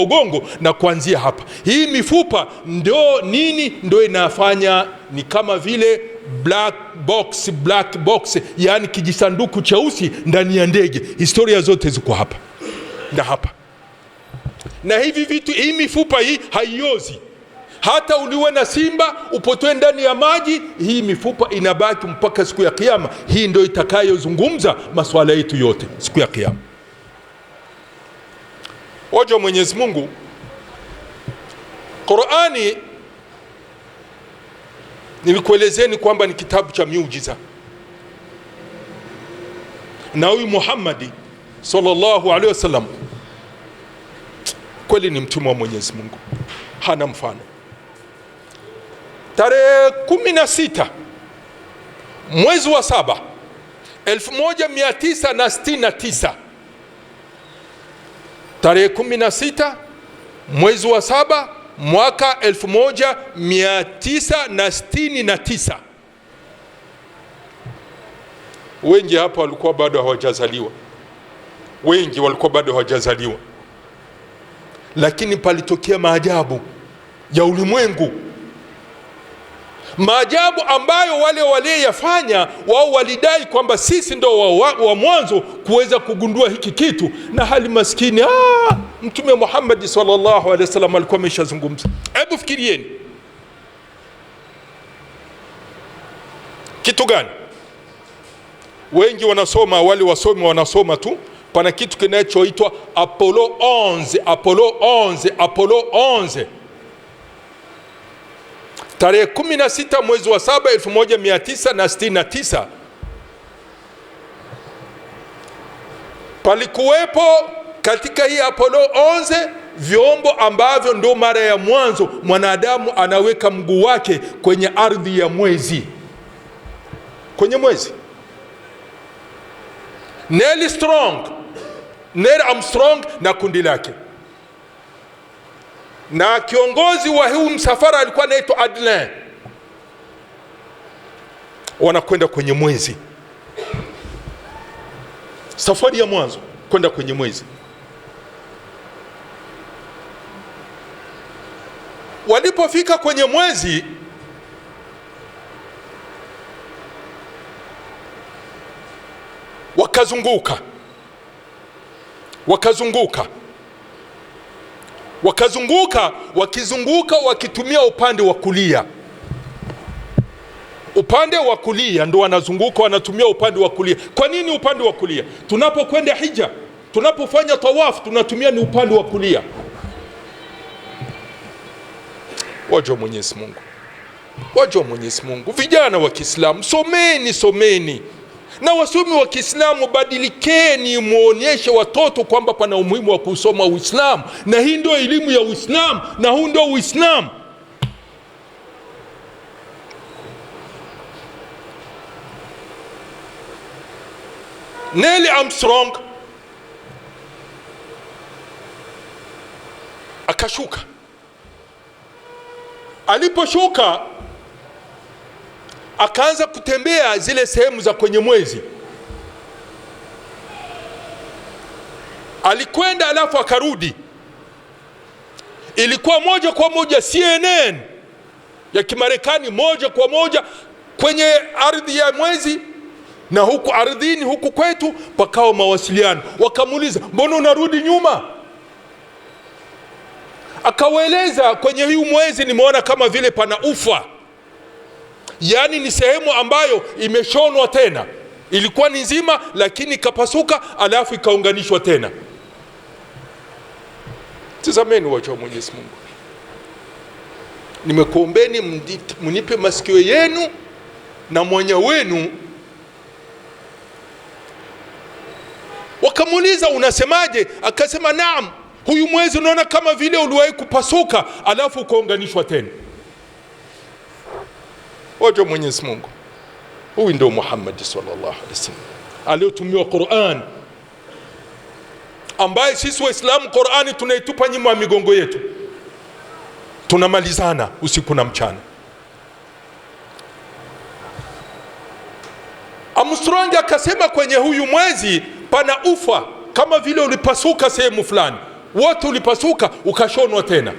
Ugongo na kuanzia hapa, hii mifupa ndio nini? Ndio inafanya ni kama vile black box, black box, yani kijisanduku cheusi ndani ya ndege. Historia zote ziko hapa na hapa na hivi vitu. Hii mifupa hii haiozi, hata uliwe na simba upotoe ndani ya maji, hii mifupa inabaki mpaka siku ya Kiyama. Hii ndio itakayozungumza masuala yetu yote siku ya Kiyama waja wa Mwenyezi Mungu, Qurani nilikuelezeni kwamba ni kitabu cha miujiza, na huyu Muhammadi sallallahu alaihi wasallam kweli ni mtume wa Mwenyezi Mungu, hana mfano. Tarehe sita mwezi wa saba 1969 tarehe 16 mwezi wa saba mwaka 1969. Wengi hapa walikuwa bado hawajazaliwa, wengi walikuwa bado hawajazaliwa, lakini palitokea maajabu ya ulimwengu. Maajabu ambayo wale waliyeyafanya wao walidai kwamba sisi ndo wa, wa, wa mwanzo kuweza kugundua hiki kitu, na hali maskini ah, Mtume Muhammad sallallahu alaihi wasallam alikuwa ameshazungumza. Hebu fikirieni kitu gani? Wengi wanasoma, wale wasomi wanasoma tu pana kitu kinachoitwa Apollo 11, Apollo 11, Apollo 11 tarehe 16 mwezi wa 7 1969 palikuwepo katika hii Apollo 11 vyombo ambavyo ndo mara ya mwanzo mwanadamu anaweka mguu wake kwenye ardhi ya mwezi, kwenye mwezi. Neil Strong, Neil Armstrong na kundi lake na kiongozi wa huu msafara alikuwa anaitwa Adlin. Wanakwenda kwenye mwezi, safari ya mwanzo kwenda kwenye mwezi. Walipofika kwenye mwezi, wakazunguka wakazunguka wakazunguka, wakizunguka wakitumia upande wa kulia. Upande wa kulia ndo wanazunguka, wanatumia upande wa kulia. Kwa nini upande wa kulia? Tunapokwenda hija, tunapofanya tawafu, tunatumia ni upande wa kulia. Wajua Mwenyezi Mungu, wajua Mwenyezi Mungu, vijana wa Kiislamu, someni someni na wasomi wa Kiislamu, badilikeni, mwonyeshe watoto kwamba pana umuhimu wa kusoma Uislamu, na hii ndio elimu ya Uislamu na huu ndio Uislamu. Neil Armstrong akashuka, aliposhuka akaanza kutembea zile sehemu za kwenye mwezi. Alikwenda alafu akarudi, ilikuwa moja kwa moja CNN ya Kimarekani, moja kwa moja kwenye ardhi ya mwezi na huku ardhini huku kwetu pakawa mawasiliano. Wakamuuliza, mbona unarudi nyuma? Akawaeleza, kwenye huu mwezi nimeona kama vile pana ufa yaani ni sehemu ambayo imeshonwa tena, ilikuwa ni nzima lakini ikapasuka, alafu ikaunganishwa tena. Tizameni wacha wa Mwenyezi Mungu, nimekuombeni mnipe masikio yenu na mwanya wenu. Wakamuuliza, unasemaje? Akasema, naam, huyu mwezi unaona kama vile uliwahi kupasuka alafu ukaunganishwa tena. Wacha Mwenyezi Mungu, huyu ndio Muhammad sallallahu alaihi wasallam aliyotumiwa Qur'an, ambaye sisi Waislamu Qur'ani tunaitupa nyuma ya migongo yetu, tunamalizana usiku na mchana. Armstrong akasema kwenye huyu mwezi pana ufa kama vile ulipasuka sehemu fulani, wote ulipasuka ukashonwa tena.